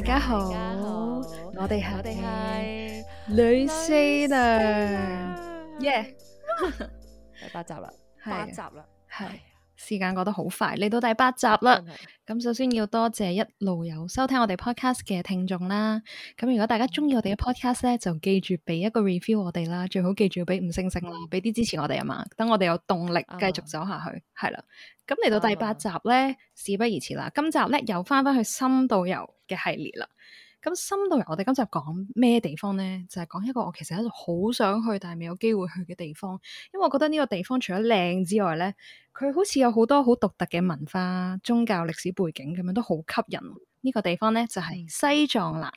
大家好，我哋係女司徒，耶，第八集啦，八集啦，係。時間過得好快，嚟到第八集啦。咁 Okay. 首先要多謝一路有收聽我哋 podcast 嘅聽眾啦。咁如果大家鍾意我哋嘅 podcast 咧，就記住俾一個 review 我哋啦，最好記住要俾五星星啦，俾啲、mm hmm. 支持我哋啊嘛。等我哋有動力繼續走下去。係、mm hmm. 啦，咁嚟到第八集咧，mm hmm. 事不宜遲啦。今集咧又返返去深度遊嘅系列啦。咁深度遊，我哋今集講咩地方咧？就係講一個我其實喺度好想去，但係未有機會去嘅地方。因為我覺得呢個地方除咗靚之外咧，佢好似有好多好獨特嘅文化、宗教、歷史背景咁樣，都好吸引。呢個地方咧就係西藏啦。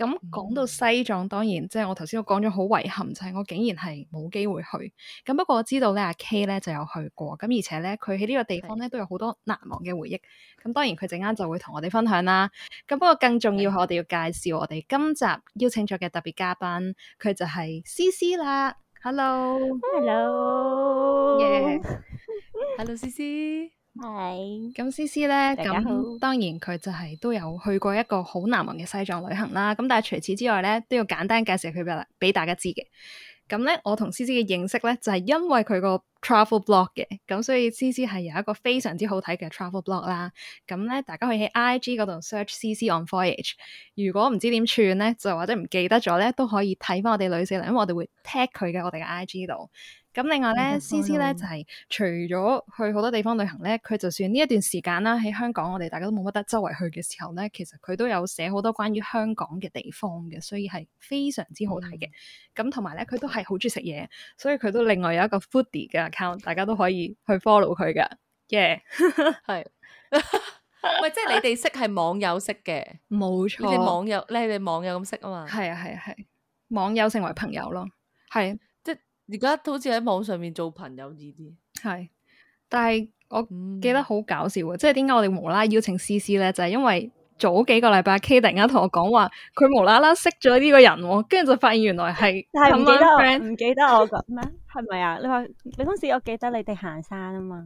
咁講到西藏，當然即係我頭先都講咗好遺憾，就係我竟然係冇機會去。咁不過我知道咧，阿 K 咧就有去過咁，而且咧佢喺呢個地方咧都有好多難忘嘅回憶。咁當然佢陣間就會同我哋分享啦。咁不過更重要係我哋要介紹我哋今集邀請咗嘅特別嘉賓，佢就係 CC 啦。Hello，Hello，Yeah，Hello CC。係，咁詩詩咧，咁當然佢就係都有去過一個好難忘嘅西藏旅行啦。咁但係除此之外咧，都要簡單介紹佢噶俾大家知嘅。咁咧，我同詩詩嘅認識咧，就係因為佢個。Travel blog 嘅，咁所以 CC 係有一個非常之好睇嘅 Travel blog 啦。咁咧，大家可以喺 IG 度 search CC on Voyage。如果唔知點串咧，就或者唔記得咗咧，都可以睇翻我哋女士嚟，因為我哋會 tag 佢嘅我哋嘅 IG 度。咁另外咧、嗯、，CC 咧就係、是、除咗去好多地方旅行咧，佢就算呢一段時間啦，喺香港我哋大家都冇乜得周圍去嘅時候咧，其實佢都有寫好多關於香港嘅地方嘅，所以係非常之好睇嘅。咁同埋咧，佢都係好中意食嘢，所以佢都另外有一個 foodie 嘅。大家都可以去 follow 佢嘅，係、yeah. 喂， 即係你哋識係網友識嘅，冇錯錯，你哋網友咧，你哋網友咁識啊嘛，係啊，係啊，係，網友成為朋友咯，係，即係而家好似喺網上面做朋友呢啲，係，但係我記得好搞笑，嗯、即係點解我哋無啦邀請 CC 咧，就係、是、因為早幾個禮拜 K 突然間同我講話，佢無啦啦識咗呢個人，跟住就發現原來係唔記得 on friend，唔 記得我咁咩？係咪啊？你話你當時我記得你哋行山啊嘛？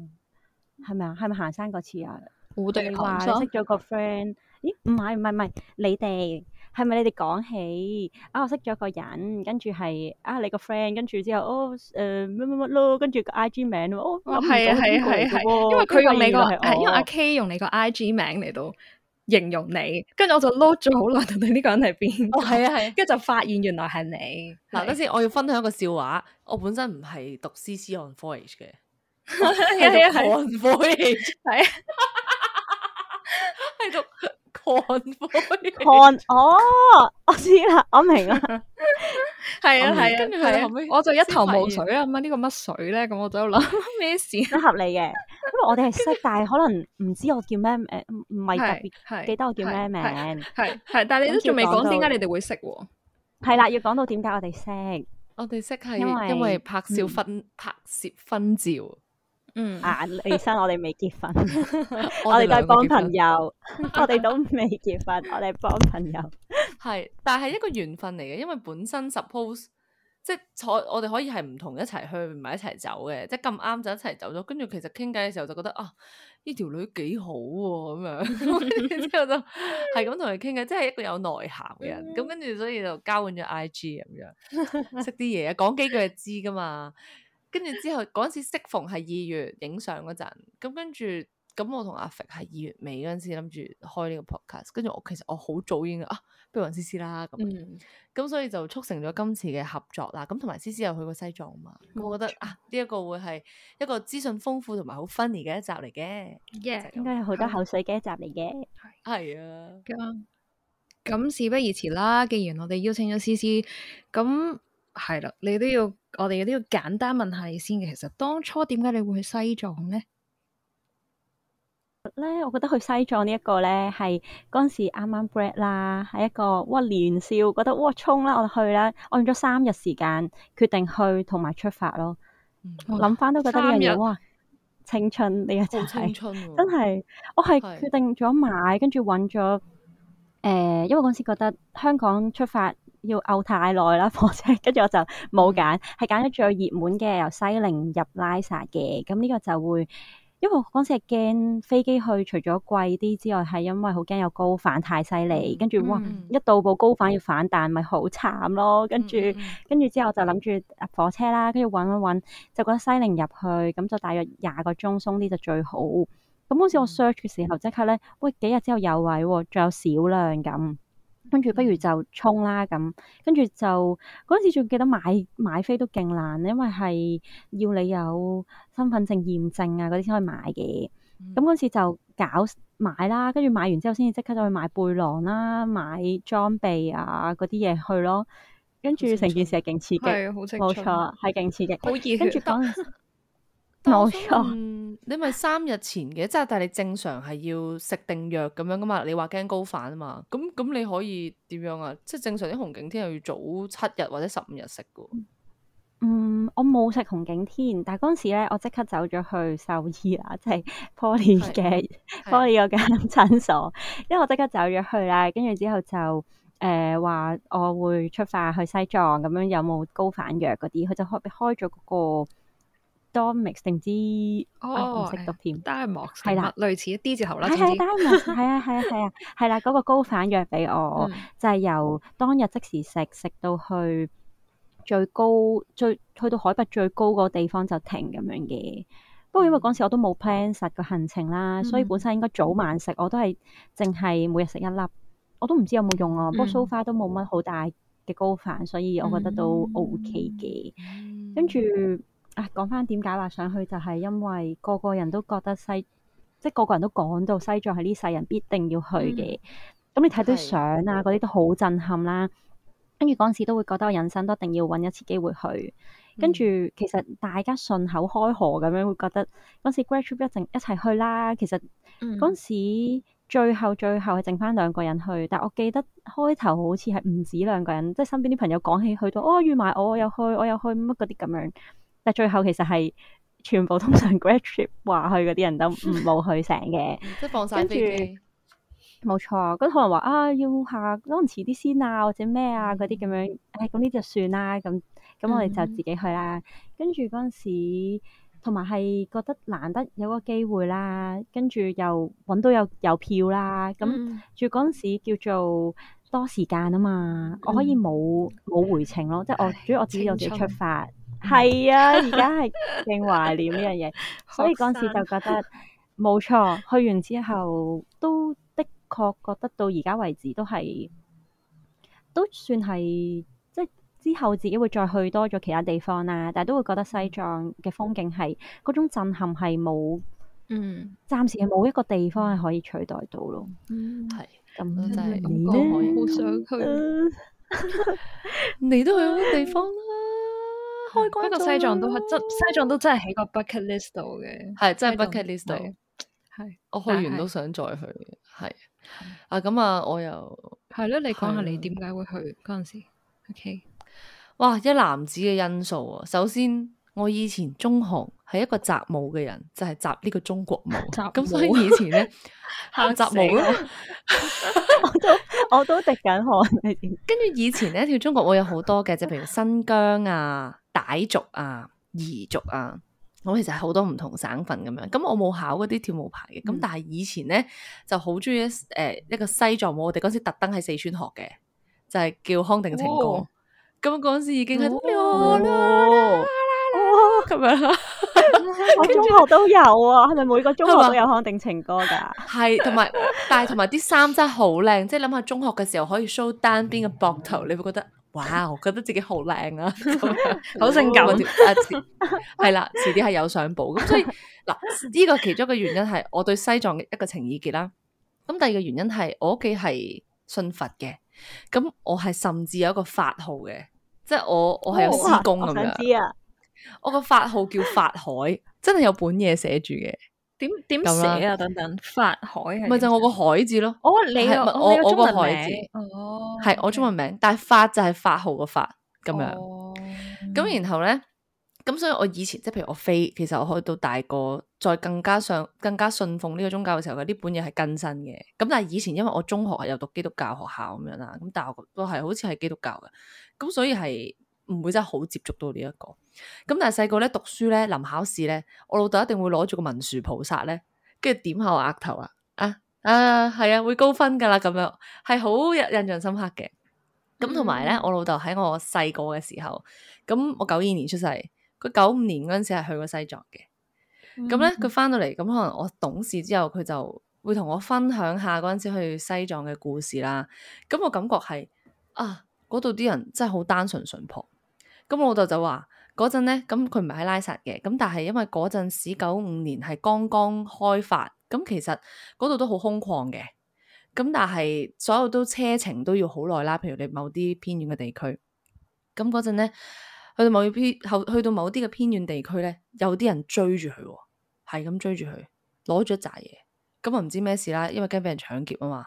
係咪啊？係咪行山嗰次啊？你話識咗個 friend？咦？唔係唔係唔係你哋？係咪你哋講起啊？我識咗個人，跟住係啊你個 friend，跟住之後哦誒乜乜乜咯，跟住個 I G 名咯哦，係、呃哦、啊係啊係啊，因為佢用你個係我，因為阿 K 用你個 I G 名嚟到。形容你，跟住我就 load 咗好耐，睇呢個人係邊？哦，係啊，係、啊，跟住、啊、就發現原來係你。嗱、啊，嗰時我要分享一個笑話，我本身唔係讀 CC on voyage 嘅，喺度 convoyage 係，喺、啊啊、con，, 讀 con 哦，我知啦，我明啦。 係啊係啊，跟住係後尾，我就一頭霧水啊！咁啊呢個乜水咧？咁我就諗咩事都合理嘅。因為我哋係識，但係可能唔知我叫咩，誒，唔係特別記得我叫咩名。係係，但係你都仲未講點解你哋會識喎？係啦，要講到點解我哋識，我哋識係因為因為拍攝婚拍攝婚照。嗯，啊，李生，我哋未結婚，我哋都係幫朋友，我哋都未結婚，我哋幫朋友。係，但係一個緣分嚟嘅，因為本身 suppose 即坐我哋可以係唔同一齊去，唔係一齊走嘅，即咁啱就一齊走咗。跟住其實傾偈嘅時候就覺得啊，呢條女幾好喎，咁樣， 跟住之後就係咁同佢傾偈，即係一個有內涵嘅人。咁跟住所以就交換咗 IG 咁樣，識啲嘢，講幾句就知㗎嘛。跟住之後嗰時適逢係二月影相嗰陣，咁跟住。咁我同阿肥 i 係二月尾嗰陣時諗住開呢個 podcast，跟住我其實我好早已經啊，不如問思思啦咁，咁、嗯、所以就促成咗今次嘅合作啦。咁同埋思思又去過西藏嘛，我覺得啊，呢一個會係一個資訊豐富同埋好 funny 嘅一集嚟嘅，yeah, 應該係好多口水嘅一集嚟嘅，係、嗯、啊。咁、嗯、事不宜遲啦，既然我哋邀請咗思思，咁係啦，你都要我哋都要簡單問下你先嘅。其實當初點解你會去西藏咧？咧，我覺得去西藏呢剛剛一個咧，係嗰陣時啱啱 grad 啦，係一個哇年少，覺得哇衝啦，我哋去啦。我用咗三日時間決定去同埋出發咯。我諗翻都覺得呢樣嘢，日哇，青春你呢一齊，這個就是啊、真係我係決定咗買，跟住揾咗誒，因為嗰陣時覺得香港出發要漚太耐啦火車，跟 住我就冇揀，係揀咗最熱門嘅由西寧入拉薩嘅。咁呢個就會。因為嗰時係驚飛機去，除咗貴啲之外，係因為好驚有高反太犀利，嗯、跟住哇，一到步高反要反彈，咪好慘咯。跟住跟住之後就諗住火車啦，跟住揾搵揾，就覺得西寧入去咁就大約廿個鐘鬆啲就最好。咁嗰時我 search 嘅時候即刻咧，喂，幾日之後有位喎，仲有少量咁。跟住不如就衝啦咁，跟住就嗰陣時仲記得買買飛都勁難，因為係要你有身份證驗證啊嗰啲先可以買嘅。咁嗰陣時就搞買啦，跟住買完之後先至即刻就去買背囊啦，買裝備啊嗰啲嘢，去咯。跟住成件事係勁刺激，係冇錯，係勁刺激，好熱血得。后 冇錯，你咪三日前嘅，即係但係你正常係要食定藥咁樣噶嘛？你話驚高反啊嘛？咁咁你可以點樣啊？即係正常啲紅景天係要早七日或者十五日食嘅。嗯，我冇食紅景天，但係嗰時咧我即刻走咗去獸醫啦，即係 Poly 嘅 Poly 個間診所，就是、因為我即刻走咗去啦，跟住之後就誒話、呃、我會出發去西藏咁樣，有冇高反藥嗰啲？佢就開開咗嗰、那個。Dominic 定知我唔識讀添，但係陌生啦，的麥類似一啲字頭啦。係啊麥，係啊的，係啊，係啦的，嗰、 那個高反藥俾我，嗯、就係由當日即時食食到去最高最去到海拔最高個地方就停咁樣嘅。不過因為嗰時我都冇 plan 實個行程啦，所以本身應該早晚食，我都係淨係每日食一粒，我都唔知有冇用啊。不過 so far 都冇乜好大嘅高反，所以我覺得都 OK 嘅、嗯。跟住。啊，講翻點解話想去，就係、是、因為個個人都覺得西，即係個個人都講到西藏係呢世人必定要去嘅。咁、嗯嗯嗯、你睇到相啊，嗰啲都好震撼啦。跟住嗰陣時都會覺得我人生都一定要搵一次機會去。嗯、跟住其實大家順口開河咁樣會覺得嗰陣時 graduate trip 一整一齊去啦。其實嗰陣時最後最後係剩翻兩個人去，但我記得開頭好似係唔止兩個人，即係身邊啲朋友講起去到哦，預埋我又去，我又去乜嗰啲咁樣。但最後其實係全部通常 grad trip 話去嗰啲人都唔冇去成嘅， 即放晒地。跟住冇錯，咁可能話啊，要下可能遲啲先啊，或者咩啊嗰啲咁樣，唉、哎，咁呢就算啦。咁咁我哋就自己去啦。嗯、跟住嗰陣時，同埋係覺得難得有個機會啦。跟住又揾到有有票啦。咁住嗰陣時叫做多時間啊嘛，嗯、我可以冇冇回程咯，即係我唉主要我自己有自己出發，係啊，而家係勁懷念呢樣嘢， 所以嗰時就覺得冇錯，去完之後都的確覺得到而家為止都係都算係，即係之後自己會再去多咗其他地方啦，但係都會覺得西藏嘅風景係嗰種震撼係冇，嗯，暫時係冇一個地方係可以取代到咯嗯。嗯，係、嗯、咁、嗯、就係，好想去，你都去好個地方啦。Ut 不過西藏都真，西藏都真係喺個 bucket list 度嘅，係真係 bucket list 度，係我去完都想再去，係啊。咁啊我又係咯，你講下你點解會去嗰陣時？OK，哇，一籃子嘅因素啊！首先我以前中行係一個習舞嘅人，就係習呢個中國舞，咁所以以前咧學習舞咯，我都我都滴緊汗。跟住以前咧跳中國，我有好多嘅，就譬如新疆啊。傣族啊、彝族啊，咁其實係好多唔同省份咁樣。咁我冇考嗰啲跳舞牌嘅。咁、嗯、但係以前呢，就好中意誒一個西藏舞，我哋嗰時特登喺四川學嘅，就係叫康定情歌。咁嗰、哦嗯、時已經係咁、哦哦、樣， 然後我中學都有啊，係咪每個中學都有康定情歌噶？係， 同埋，但係同埋啲衫真係好靚，即係諗下中學嘅時候可以 show 單邊嘅膊頭，嗯、你會覺得。哇，我覺得自己好靚啊，好性感，係啦，遲啲係有上報咁，所以嗱，呢個其中一個原因係我對西藏嘅一個情意結啦。咁第二個原因係我屋企係信佛嘅，咁我係甚至有一個法號嘅，即係我我係有師公咁樣。我個法號叫法海，真係有本嘢寫住嘅。點點寫啊？等等，法海係咪就我個海字咯？哦，你我我個海字。係我中文名，Okay. 但係法就係法號個法咁樣。咁、oh. 然後咧，咁所以我以前即係譬如，我飛，其實我去到大個，再更加上更加信奉呢個宗教嘅時候，呢本嘢係更新嘅。咁但係以前因為我中學係又讀基督教學校咁樣啦，咁大學都係好似係基督教嘅，咁所以係唔會真係好接觸到呢、這、一個。咁但係細個咧讀書咧臨考試咧，我老豆一定會攞住個文殊菩薩咧，跟住點下我額頭啊啊！啊，係啊，會高分噶啦，咁樣，係好有印象深刻嘅。咁同埋咧，嗯、我老豆喺我細個嘅時候，咁我九二年出世，佢九五年嗰陣時係去過西藏嘅。咁咧、嗯，佢翻到嚟，咁可能我懂事之後，佢就會同我分享下嗰陣時去西藏嘅故事啦。咁我感覺係啊，嗰度啲人真係好單純淳樸。咁我老豆就話嗰陣咧，咁佢唔係喺拉薩嘅，咁但係因為嗰陣時九五年係剛剛開發。咁其實嗰度都好空曠嘅，咁但係所有都車程都要好耐啦。譬如你某啲偏遠嘅地區，咁嗰陣咧去到某邊後，去到某啲嘅偏遠地區咧，有啲人追住佢、哦，係咁追住佢攞咗紮嘢，咁啊唔知咩事啦，因為驚俾人搶劫啊嘛。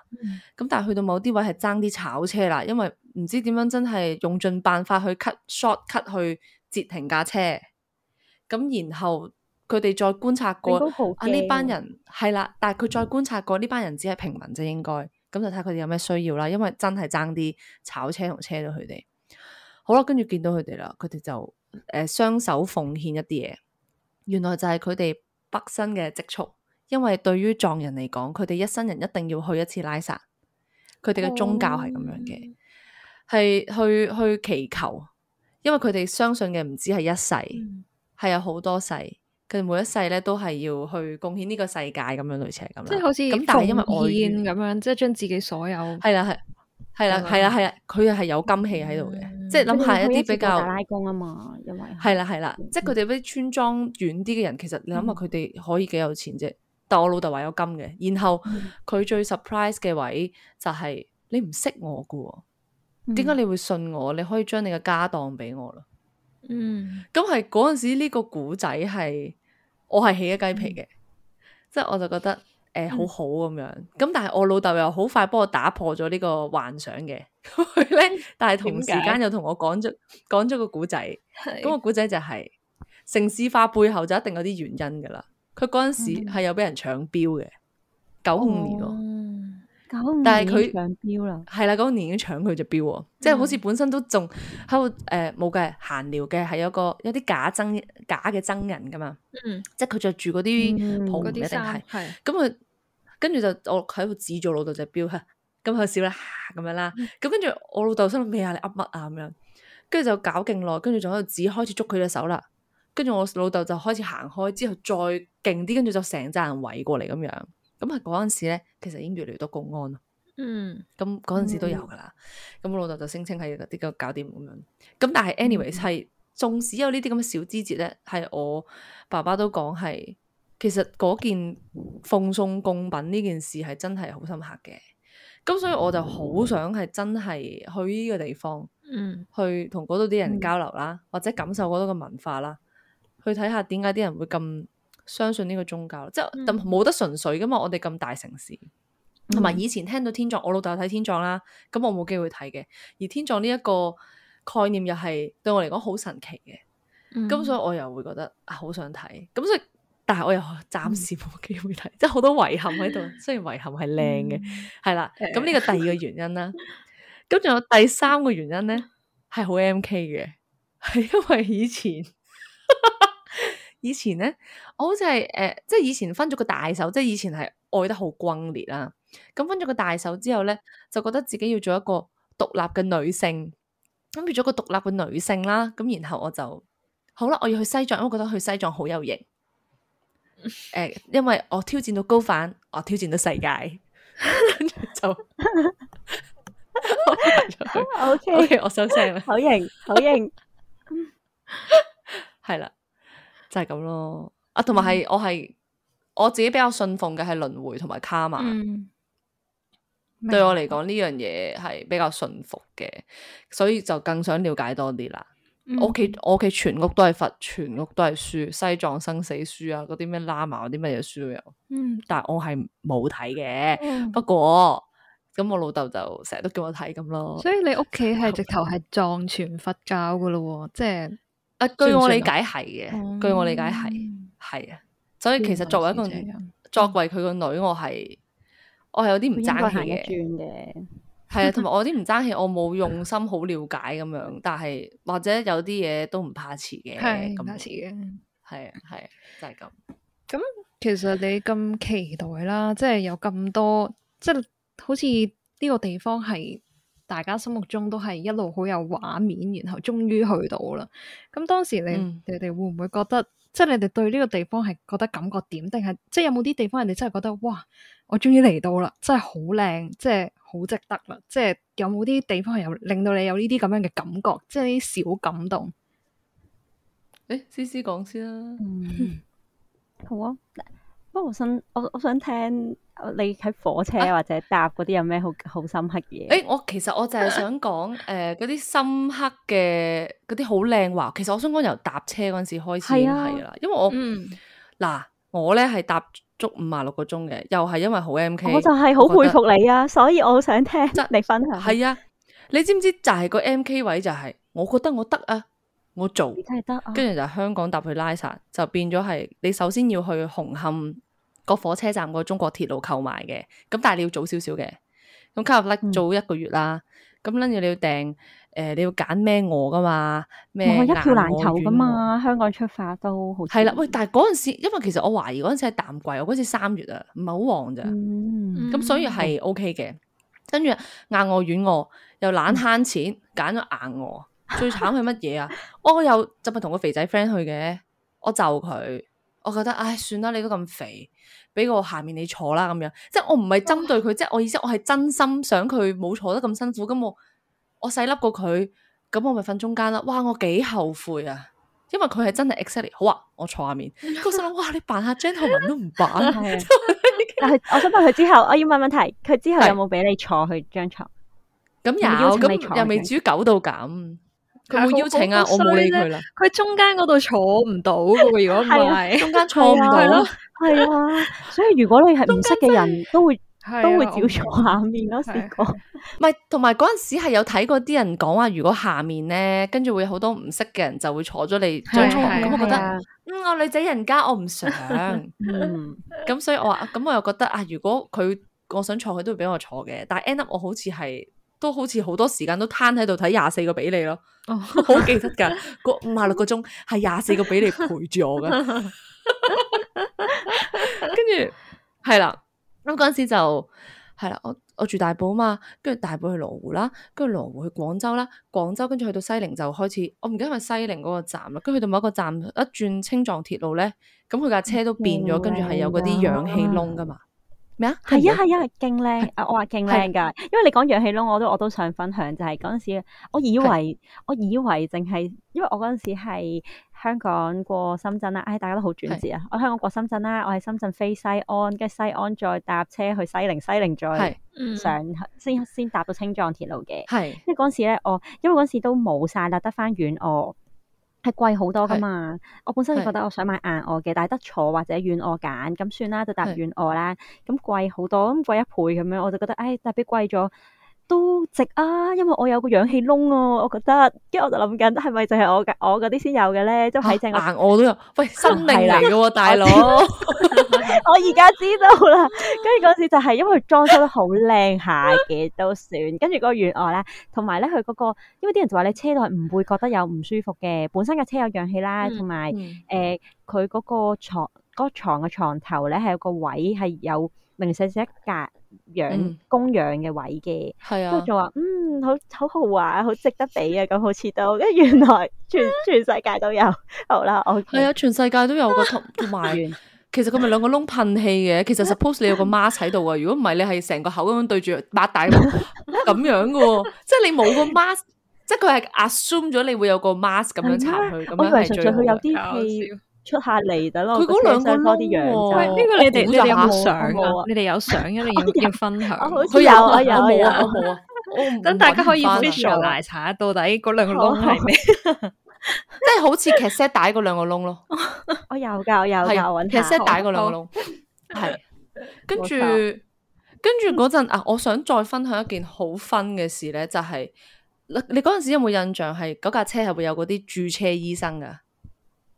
咁、嗯、但係去到某啲位係爭啲炒車啦，因為唔知點樣真係用盡辦法去 cut short cut 去截停架車，咁然後。佢哋再觀察過啊，呢班人係啦。但係佢再觀察過呢班人，只係平民就應該咁就睇下佢哋有咩需要啦。因為真係爭啲炒車同車到佢哋。好啦，跟住見到佢哋啦，佢哋就誒、呃、雙手奉獻一啲嘢。原來就係佢哋畢生嘅積蓄，因為對於藏人嚟講，佢哋一生人一定要去一次拉薩。佢哋嘅宗教係咁樣嘅，係、嗯、去去祈求，因為佢哋相信嘅唔止係一世，係、嗯、有好多世。佢每一世咧都係要去貢獻呢個世界咁樣，類似係咁，即係好似奉獻咁樣，即係將自己所有係啦，係係啦，係啦，係啦，佢又係有金器喺度嘅，即係諗下一啲比較。布達拉宮啊嘛，因為係啦係啦，啦啦嗯、即係佢哋嗰啲村莊遠啲嘅人，其實你諗下佢哋可以幾有錢啫。嗯、但我老豆話有金嘅，然後佢、嗯、最 surprise 嘅位就係、是、你唔識我噶，點解你會信我？你可以將你嘅家當俾我啦。嗯，咁係嗰陣時呢個古仔係我係起咗雞皮嘅，嗯、即係我就覺得誒、呃嗯、好好咁樣，咁但係我老豆又好快幫我打破咗呢個幻想嘅，佢 咧但係同時間又同我講咗講咗個古仔，咁的個古仔就係、是、城市化背後就一定有啲原因噶啦，佢嗰陣時係有俾人搶標嘅，九五年咯，哦。但係佢係啦，嗰年已經搶佢隻表啊！的即係好似本身都仲喺度誒，冇計閒聊嘅，係有一個有啲假僧假嘅僧人噶嘛。嗯、即係佢着住嗰啲袍，一定係咁佢跟住就我喺度指住老豆隻表咁佢笑啦咁樣啦。咁跟住我老豆心諗咩啊？你噏乜啊？咁樣，跟住就搞勁耐，跟住仲喺度指，開始捉佢隻手啦。跟住我老豆就開始行開，之後再勁啲，跟住就成扎人圍過嚟咁樣。咁啊，嗰陣時咧，其實已經越嚟越多公安咯。嗯，咁嗰陣時都有噶啦。咁、嗯、我老豆就聲稱係嗰啲咁搞掂咁樣。咁但係 anyway 係、嗯、縱使有呢啲咁嘅小枝節咧，係我爸爸都講係其實嗰件奉送供品呢件事係真係好深刻嘅。咁所以我就好想係真係去呢個地方，嗯，去同嗰度啲人交流啦，或者感受嗰度嘅文化啦，去睇下點解啲人會咁。相信呢個宗教即係冇、嗯、得純粹噶嘛。我哋咁大城市，同埋以前聽到天葬，我老豆睇天葬啦，咁我冇機會睇嘅。而天葬呢一個概念又係對我嚟講好神奇嘅，咁、嗯、所以我又會覺得啊，好想睇。咁所以，但係我又暫時冇機會睇，嗯、即係好多遺憾喺度。 雖然遺憾係靚嘅，係啦、嗯。咁呢個第二個原因啦，咁仲 有第三個原因呢，係好 MK 嘅，係因為以前。 以前咧，我好似係誒，即係以前分咗個大手，即係以前係愛得好轟烈啦、啊。咁分咗個大手之後咧，就覺得自己要做一個獨立嘅女性。變咗個獨立嘅女性啦，咁然後我就好啦，我要去西藏，因為我覺得去西藏好有型。誒、呃，因為我挑戰到高反，我挑戰到世界，跟住就，O K，我收聲啦， 好型，好型， 係啦。就係咁咯，啊，同埋係我係我自己比較信奉嘅係輪回同埋卡瑪，嗯、對我嚟講呢樣嘢係比較信服嘅，所以就更想了解多啲啦、嗯。我屋企我屋企全屋都係佛，全屋都係書，西藏生死書啊，嗰啲咩喇嘛嗰啲乜嘢書都有。嗯、但係我係冇睇嘅，嗯、不過咁我老豆就成日都叫我睇咁咯。所以你屋企係直頭係藏傳佛教噶咯，即係。啊，據我理解係嘅，嗯，據我理解係係啊，所以其實作為一個，個作為佢個女，我係我係有啲唔爭氣嘅，係啊，同埋我啲唔爭氣，我冇用心好了解咁樣，但係或者有啲嘢都唔怕遲嘅，唔怕遲嘅，係啊，係啊，就係咁。咁其實你咁期待啦，即係有咁多，即係好似呢個地方係。大家心目中都係一路好有畫面，然後終於去到啦。咁當時你你哋、嗯、會唔會覺得，即係你哋對呢個地方係覺得感覺點？定係即係有冇啲地方人哋真係覺得哇，我終於嚟到啦，真係好靚，即係好值得啦。即係有冇啲地方有令到你有呢啲咁樣嘅感覺？即係呢啲小感動。誒，CC 講先啦、啊。嗯， 好啊。我想我，我想聽你喺火車或者搭嗰啲有咩好好深刻嘅嘢？誒、哎，我其實我就係想講誒嗰啲深刻嘅嗰啲好靚話。其實我想講由搭車嗰陣時開始係啦，啊、因為我嗱、嗯、我咧係搭足五啊六個鐘嘅，又係因為好 MK，我就係好佩服你啊，所以我好想聽你分享。係啊，你知唔知就係個 MK 位就係，是，我覺得我得啊，我做，跟住、嗯、就香港搭去拉薩，就變咗係你首先要去紅磡。個火車站個中國鐵路購買嘅，咁但係你要早少少嘅，咁卡入咧早一個月啦。咁跟住你要訂，誒、呃、你要揀咩臥噶嘛？咩？我一票難求噶嘛？香港出發都好係啦。喂，但係嗰陣時，因為其實我懷疑嗰陣時係淡季，我嗰陣時三月啊，唔係好旺咋。咁、嗯嗯、所以係 O K 嘅。跟住，硬卧軟卧又懶慳錢，揀咗硬卧。最慘係乜嘢啊？我又就係同個肥仔 friend 去嘅，我就佢。我覺得唉，算啦，你都咁肥，俾個下面你坐啦咁樣，即係我唔係針對佢，即係哇我意思，我係真心想佢冇坐得咁辛苦。咁我我細粒過佢，咁我咪瞓中間啦。哇，我幾後悔啊！因為佢係真係 excellent 好啊，我坐下面。佢心諗哇，你扮下 gentleman 都唔扮。但係我想問佢之後，我要問問題，佢之後有冇俾你坐去張床？咁又咁，又未煮狗到咁。 佢冇邀請啊，我冇理佢啦。佢中間嗰度坐唔到嘅，如果唔係中間坐唔到。係咯，係啊。所以如果你係唔識嘅人，都會都會照坐下面咯。試過，唔係同埋嗰陣時係有睇過啲人講話，如果下面咧，跟住會好多唔識嘅人就會坐咗你張床。咁我覺得，嗯，我女仔人家我唔想。咁所以我話，咁我又覺得啊，如果佢我想坐，佢都會俾我坐嘅。但係 end up，我好似係。都好似好多時間都攤喺度睇廿四個比例咯，好、oh. 記得噶，五十六個鐘係廿四個比例陪住我嘅， 跟住係啦，咁嗰陣時就係啦，我我住大埔啊嘛，跟住大埔去羅湖啦，跟住羅湖去廣州啦，廣州跟住去到西寧就開始，我唔記得係咪西寧嗰個站啦，跟住去到某一個站一轉青藏鐵路咧，咁佢架車都變咗，跟住係有嗰啲氧氣窿噶嘛。咩啊？係啊係啊，勁靚！啊， 我話勁靚㗎，的因為你講氧氣咯，我都我都想分享。就係嗰陣時，我以為的我以為淨係，因為我嗰陣時係香港過深圳啦。唉、哎，大家都好轉折啊！的我香港過深圳啦，我喺深圳飛西安，跟住西安再搭車去西寧，西寧再上先先搭到青藏鐵路嘅。係的，即係嗰陣時咧，我因為嗰陣時都冇晒啦，得翻遠我。係貴好多㗎嘛，是我本身就覺得我想買硬臥嘅，是但係得坐或者軟臥揀，咁算啦，就搭軟臥啦。咁貴好多，咁貴一倍咁樣，我就覺得，唉、哎，特別貴咗。都值啊！因為我有個氧氣窿哦，我覺得，跟住我就諗緊，係咪就係我嘅，我嗰啲先有嘅咧？即係正我，難、啊、我都有，喂，生命嚟嚟嘅喎， 大佬哥， 我而家知道啦。跟住嗰時就係因為裝修得好靚下嘅都算，跟住個遠外咧，同埋咧佢嗰個，因為啲人就話你車內唔會覺得有唔舒服嘅，本身嘅車有氧氣啦，同埋誒佢嗰個牀，嗰個牀嘅床頭咧係有個位係有明細細一格。養、嗯、供養嘅位嘅，咁就話嗯好好豪華，好值得俾啊！咁好似都，跟原來全全世界都有。好啦，我、OK、係啊，全世界都有個同埋，其實佢咪兩個窿，噴氣嘅。其實 suppose 你有個 mask 喺度啊，如果唔係你係成個口咁樣對住擘大咁樣嘅，即係你冇個 mask，即係佢係 assume 咗你會有個 mask 咁樣插去，咁、啊、咁樣佢最有效。嗯出下嚟，得咯，佢嗰兩個多啲樣。喂，呢個你哋你哋有相啊？你哋有相一定要要分享？我有，我有，我冇啊！我冇啊！等大家可以分享！奶茶到底嗰兩個窿係咩？即係好似卡式帶嗰兩個窿咯。我有噶，有噶，搵下。卡式帶嗰兩個窿，係跟住跟住嗰陣啊！我想再分享一件好分嘅事咧，就係你嗰陣時有冇印象係嗰架車係會有嗰啲駐車醫生噶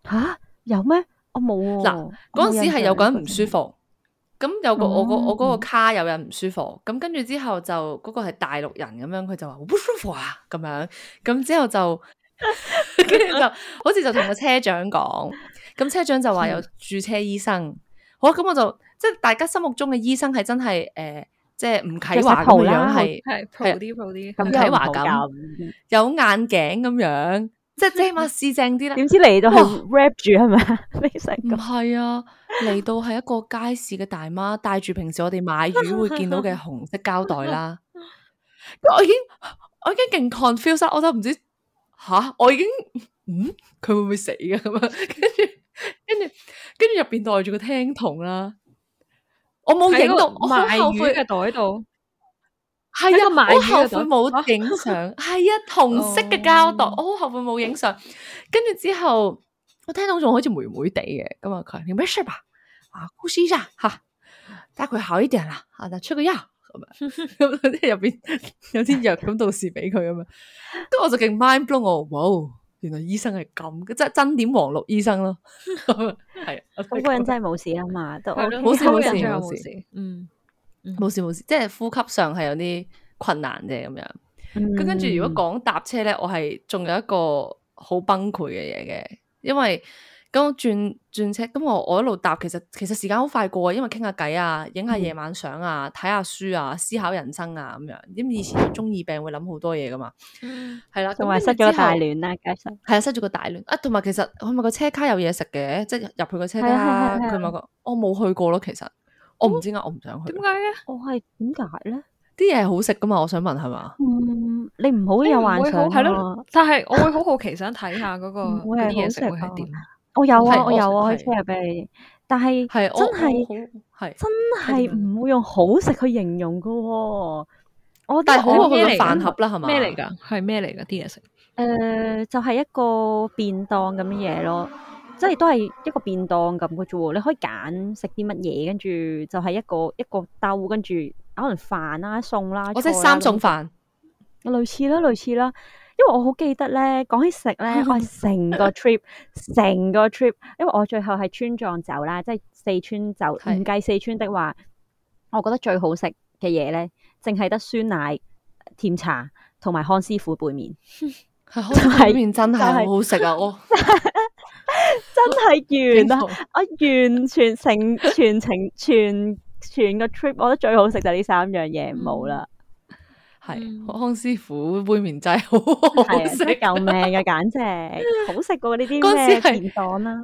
吓？有咩？Oh, 啊、我冇嗱，嗰陣時，係有個人唔舒服，咁、嗯、有個我個我個卡有人唔舒服，咁跟住之後就嗰個係大陸人咁樣，佢就話好唔舒服啊咁樣，咁之後就跟住就好似就同個車長講，咁車長就話有駐車醫生，好啊，咁我就即係大家心目中嘅醫生係真係誒、呃，即係吳啟華咁樣係，係蒲啲蒲啲，吳啟華咁，嗯華嗯、有眼鏡咁樣。即係最起碼試正啲啦，點知嚟到係 rap 住係咪？你唔係啊，嚟到係一個街市嘅大媽帶住平時我哋買魚會見到嘅紅色膠袋啦。 我已經我已經勁 confused，我都唔知吓，我已經嗯，佢會唔會死噶咁樣？跟住跟住跟住入邊袋住個聽筒啦， 我冇影到，個我好後悔嘅袋度。 係啊，我後悔冇影相。係啊哇，同色嘅膠袋，哦、我好後悔冇影相。跟住之後，我聽到仲好似妹妹哋嘅咁啊，佢你沒事吧？啊，休息一下哈，待會好一點啦。吓，就出個藥，咁、啊、 裡面 嘛？有啲藥，有啲藥，咁到時俾佢咁樣。咁我就勁 mind blown，我哇，wow，原來醫生係咁，即係真點黃綠醫生咯。係， 嗰個人真係冇事啊嘛，都冇事冇事冇事，嗯。冇事冇事，即係呼吸上係有啲困難嘅咁樣。咁、嗯、跟住如果講搭車咧，我係仲有一個好崩潰嘅嘢嘅，因為咁我轉轉車，咁我我一路搭，其實其實時間好快過，因為傾下偈啊，影下夜晚相啊，睇下書啊，思考人生啊咁樣。咁以前中二病會諗好多嘢噶嘛，係啦，同埋還說 失咗大亂啦，係啊，失咗個大亂啊，同埋其實係咪個車卡有嘢食嘅？即係入去個車卡，佢咪個我冇去過咯，其實。我唔知點解我唔想去。點解嘅？我係點解咧？啲嘢係好食㗎嘛？我想問係嘛？嗯，你唔好有幻想啊！但係我會好好奇想睇下嗰個嗰啲好食會係點？我有啊，我有啊，喺車入邊。但係真係真係唔會用好食去形容㗎喎。我但係好好奇個飯盒啦，係嘛？咩嚟㗎？係咩嚟㗎？啲嘢食？誒，就係一個便當咁嘅嘢咯。即係都係一個便當咁嘅啫喎，你可以揀食啲乜嘢，跟住就係一個一個兜，跟住可能飯啦、啊、餸啦、啊。我即係三種飯，類似啦，類似啦。因為我好記得咧，講起食咧， 我成個 trip，成個 trip，因為我最後係川藏走啦，即係四川走，唔計是四川的話，我覺得最好食嘅嘢咧，淨係得酸奶、甜茶同埋康師傅拌麵。係，拌麵真係好好食啊！ 我。 真係完啦！我慌、啊、完全成全程全全個 trip，我覺得最好食就呢三樣嘢，冇啦。係、嗯、了康師傅杯麵仔好食，救命嘅，簡直 好食過呢啲公司咩便當啦。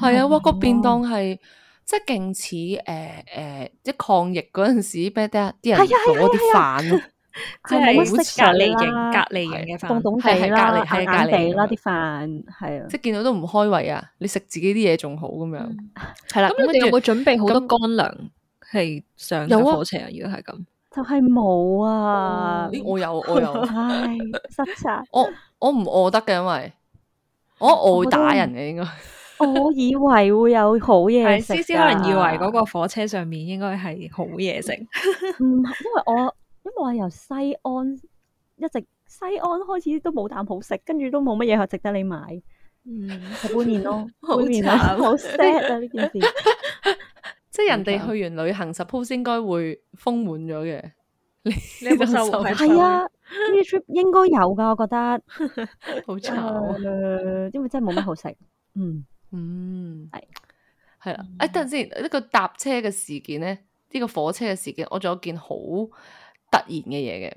係啊，我個便當係即係勁似誒誒，即係、呃呃、抗疫嗰陣時咩啲啊，啲人做嗰啲飯。 係好似隔離型隔離型嘅飯，係啦，係隔離係隔離啦，啲飯係啊，即係見到都唔開胃啊，你食自己啲嘢仲好，咁樣係啦。咁你哋有冇準備好多乾糧係上火車啊？如果係咁就係冇啊。咦，我有我有，唉，失策，我我唔餓得嘅，因為我我會打人嘅，應該我以為會有好嘢食。CC 可能以為嗰個火車上面應該係好嘢食，唔係因為我。話由西安一直西安開始都冇啖好食，跟住都冇乜嘢係值得你買，嗯，半年咯，拌麵啊，好 sad 啊！呢件事，即係人哋去完旅行 suppose 應該會豐滿咗嘅。你你冇受排場係啊？呢 trip 應該有噶，我覺得好慘，因為真係冇乜好食。嗯嗯，係係啦。誒，等陣先，呢個搭車嘅事件咧，呢個火車嘅事件，我仲有件好。.突然嘅嘢嘅，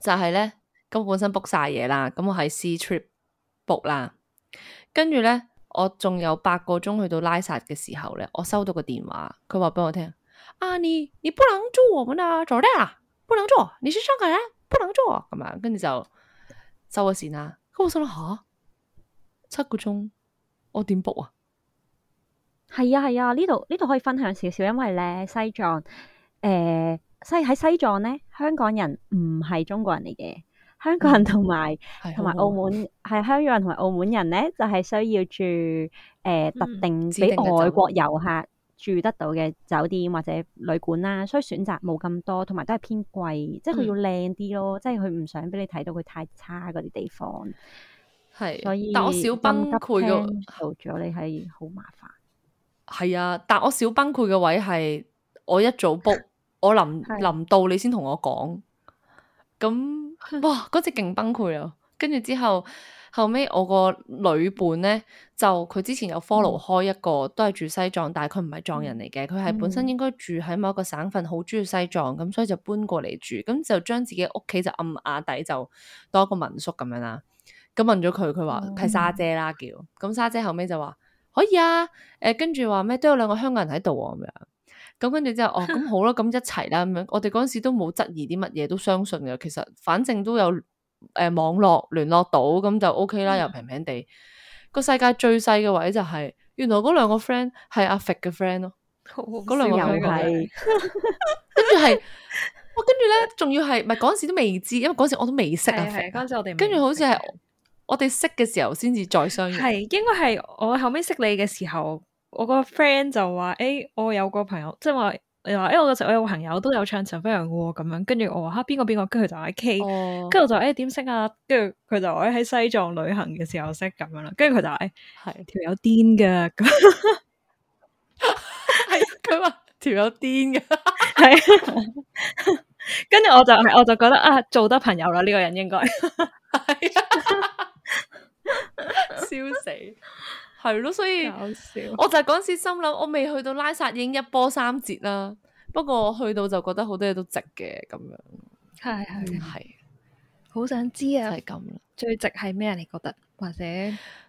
就係咧，咁本身 book 晒嘢啦，咁我喺 C trip book 啦，跟住咧，我仲有八個鐘去到拉薩嘅時候咧，我收到個電話，佢話俾我聽，阿你你不能租我們啊，做咩啊？不能做，你是香港人，不能做，係咪？跟住就收咗線啦。咁我心諗下，七個鐘我點 book 啊？係啊，係啊，呢度呢度可以分享少少，因為咧西藏誒。呃所以喺西藏咧，香港人唔係中國人嚟嘅。香港人同埋同埋澳門係好香港人同埋澳門人咧，就係、是、需要住誒、呃、特定俾、嗯、外國遊客住得到嘅酒店或者旅館啦。所以選擇冇咁多，同埋都係偏貴，即係佢要靚啲咯。嗯、即係佢唔想俾你睇到佢太差嗰啲地方。係是所以，但我小崩潰咗，咗你係好麻煩。係啊，但我小崩潰嘅位係我一早 book。 我臨臨到你先同我講，咁哇嗰隻勁崩潰啊！跟住之後，後尾我個女伴咧就佢之前有 follow 開一個，嗯、都係住西藏，但係佢唔係藏人嚟嘅，佢係本身應該住喺某一個省份，好中意西藏咁，所以就搬過嚟住，咁就將自己屋企就暗啞底就當一個民宿咁樣啦。咁問咗佢，佢話係沙姐啦叫，咁沙姐後尾就話可以啊，誒、呃、跟住話咩都有兩個香港人喺度啊咁樣。咁跟住之後，哦，咁好啦，咁一齊啦，咁樣，我哋嗰陣時都冇質疑啲乜嘢，都相信嘅。其實反正都有誒、呃、網絡聯絡到，咁就 O、OK、K 啦，又平平地。個、嗯、世界最細嘅位就係、是，原來嗰兩個 friend 係阿肥嘅 friend 咯。嗰兩個又係，跟住係，我跟住咧，仲要係，唔係嗰陣時都未知，因為嗰陣時我都未，阿我未我識啊。嗰陣時我哋，跟住好似係我哋識嘅時候先至再相遇。係，應該係我後尾識你嘅時候。我個 friend 就話誒、欸，我有個朋友，即係話，誒、欸，我其實我有個朋友都有唱陳飛揚嘅，咁樣，跟住我話吓邊個邊個，跟、啊、住就喺 K，跟住、哦、我就誒點、欸、識啊，跟住佢就我喺西藏旅行嘅時候識咁樣啦，跟住佢就係係條友癲嘅，係佢話條友癲嘅，係的，跟住我就係我就覺得啊，做得朋友啦呢、這個人應該，笑，是的 笑死。係咯，所以我就嗰時心諗，我未去到拉薩已經一波三折啦。不過去到就覺得好多嘢都值嘅咁樣。係係係，好的的想知啊！係咁，最值係咩？你覺得或者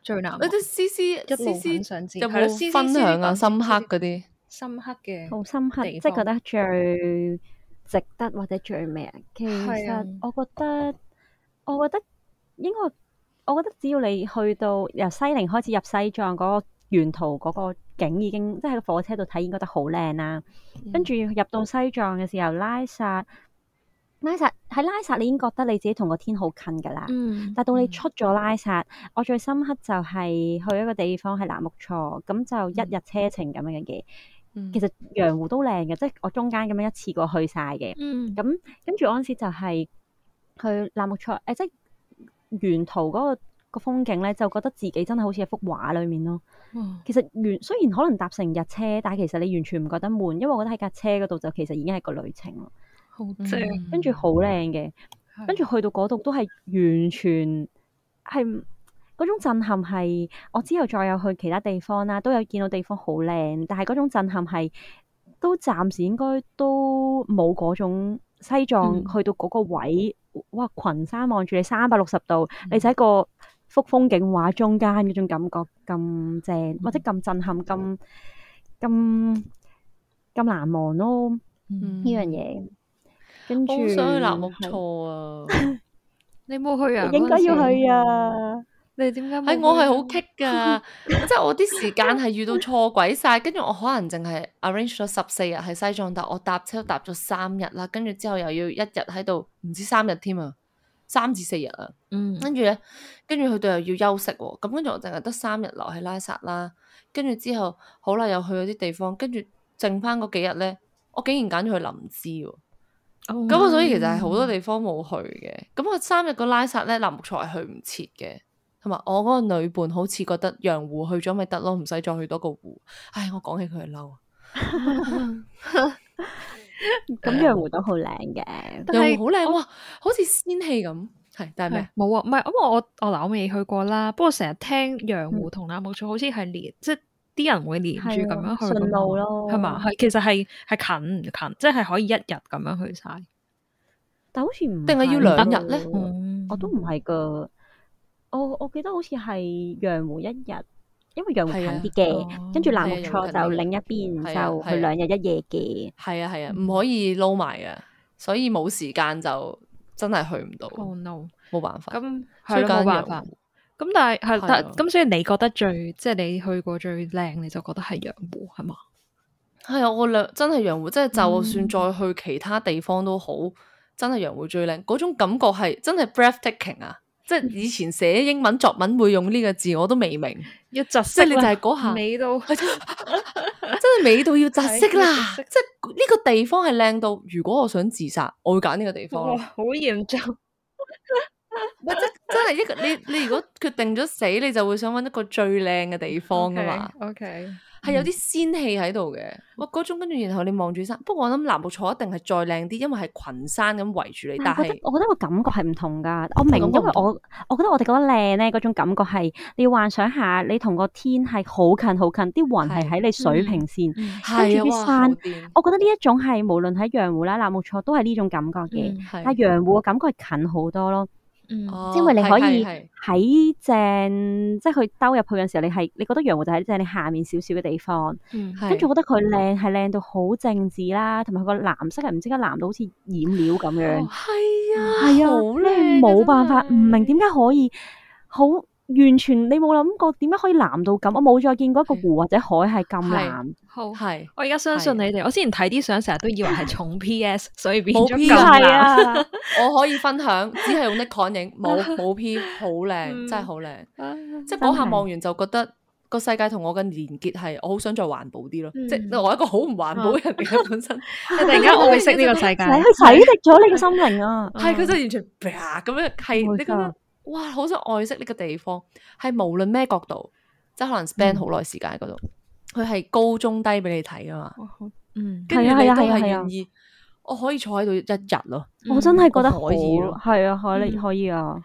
最難？些 CC, 一啲思 C 一 C C 想知係咯，分享啊，深刻嗰啲，深刻嘅，好深刻，即係覺得最值得或者最名。其實我覺得，的我覺得應該。我覺得只要你去到由西寧開始入西藏嗰個沿途嗰個景已經，即喺個火車度睇，應該都好靚啦。跟住入到西藏嘅時候，拉薩，拉薩喺拉薩，你已經覺得你自己同個天好近噶啦。但到你出咗拉薩，我最深刻就係去一個地方係納木措，咁就一日車程咁樣嘅。其實羊湖都靚嘅，即係我中間咁樣一次過去晒嘅。咁跟住嗰時就係去納木措，誒即沿途嗰個個風景咧，就覺得自己真係好似一幅畫裏面咯。嗯、其實原，完雖然可能搭成日車，但係其實你完全唔覺得悶，因為我覺得喺架車嗰度就其實已經係個旅程咯。好正，跟住好靚嘅，跟住去到嗰度都係完全係嗰種震撼。係我之後再有去其他地方啦，都有見到地方好靚，但係嗰種震撼係都暫時應該都冇嗰種西藏去到嗰個位，嗯。哇！群山望住你三百六十度，嗯、你就喺個幅風景畫中間嗰種感覺咁正，或者咁震撼、咁咁咁難忘咯。呢、嗯、樣嘢，跟住我想去南木錯啊！ 你冇去啊？ 應該要去啊！ 你點解？喺、哎、我係好棘噶， 即係我啲時間係遇到錯鬼晒。跟住我可能淨係 arrange 咗十四日喺西藏，但我搭車都搭咗三日啦，跟住之後又要一日喺度，唔止三日添啊，三至四日啊，跟住咧，跟住去到又要休息喎，咁跟住我淨係得三日留喺拉薩啦，跟住之後好啦，又去咗啲地方，跟住剩翻嗰幾日咧，我竟然揀咗去林芝喎，咁啊，所以其實係好多地方冇去嘅，咁我三日個拉薩咧，納木措係去唔切嘅。同埋我嗰個女伴好似覺得羊湖去咗咪得咯，唔使再去多個湖。唉，我講起佢係嬲。咁羊湖都好靚嘅，羊湖好靚哇，好似仙氣咁。係，但係咩？冇啊，唔係，因為我我嗱我未去過啦。不過成日聽羊湖同納木措，好似係連即係啲人會連住咁樣去。順路咯，係嘛？係其實係係近唔近？即係可以一日咁樣去晒。但好似唔定係要兩日咧，我都唔係噶。我、哦、我記得好似係羊湖一日，因為羊湖近啲嘅，跟住納木措就另一邊、啊啊、就去兩日一夜嘅。係啊係啊，唔、啊啊、可以撈埋啊，所以冇時間就真係去唔到。哦、oh, no，冇辦法。咁係咯，冇、啊、辦法。咁但係係但咁，對啊、所以你覺得最即係、就是、你去過最靚，你就覺得係羊湖係嘛？係啊，我兩真係羊湖，即、就、係、是、就算再去其他地方都好，嗯、真係羊湖最靚。嗰種感覺係真係 breath-taking 啊！即係以前寫英文作文會用呢個字，我都未明。要窒息你就係嗰下，美到尾都 真係美到要窒息啦！息即係呢個地方係靚到，如果我想自殺，我會揀呢個地方。好嚴、哦、重，喂！ 真真係一個你，你如果決定咗死，你就會想揾一個最靚嘅地方噶嘛？OK, okay.。係有啲仙氣喺度嘅，嗯、哇嗰種跟住然後你望住山，嗯、不過我諗納木措一定係再靚啲，因為係群山咁圍住你，但係我覺得我個感覺係唔同噶，我明因為我我覺得我哋覺得靚咧，嗰種感覺係你要幻想下你同個天係好近好近，啲雲係喺你水平線，跟住啲山，嗯嗯、我覺得呢一種係、嗯、無論喺羊湖啦、納木措都係呢種感覺嘅，嗯嗯、但係羊湖嘅感覺係近好多咯。嗯，因為你可以喺正，哦、即係佢兜入去嘅時候，你係你覺得羊湖就喺正你下面少少嘅地方。嗯，跟住覺得佢靚係靚到好正字啦，同埋佢個藍色係唔知解藍到好似染料咁樣。係、哦、啊，係、嗯、啊，你冇、啊、辦法唔的明點解可以好。完全你冇諗過點樣可以藍到咁，我冇再見過一個湖或者海係咁藍。好係，我而家相信你哋。我之前睇啲相成日都以為係重 P S，所以變咗咁藍。冇係啊，我可以分享，只係用 nikon 影，冇 P，好靚，真係好靚。即係嗰下望完就覺得個世界同我嘅連結係，我好想再環保啲咯。即係我一個好唔環保嘅人嚟嘅本身，突然間愛惜呢個世界，係洗滌咗你嘅心靈啊！係佢真係完全白咁樣，係呢個。哇！好想愛惜呢個地方，係無論咩角度，即係可能 spend 好耐時間喺嗰度，佢係高中低俾你睇噶嘛。嗯，跟住你都係願意，我可以坐喺度一日咯。我真係覺得可以，係啊，可以可以啊。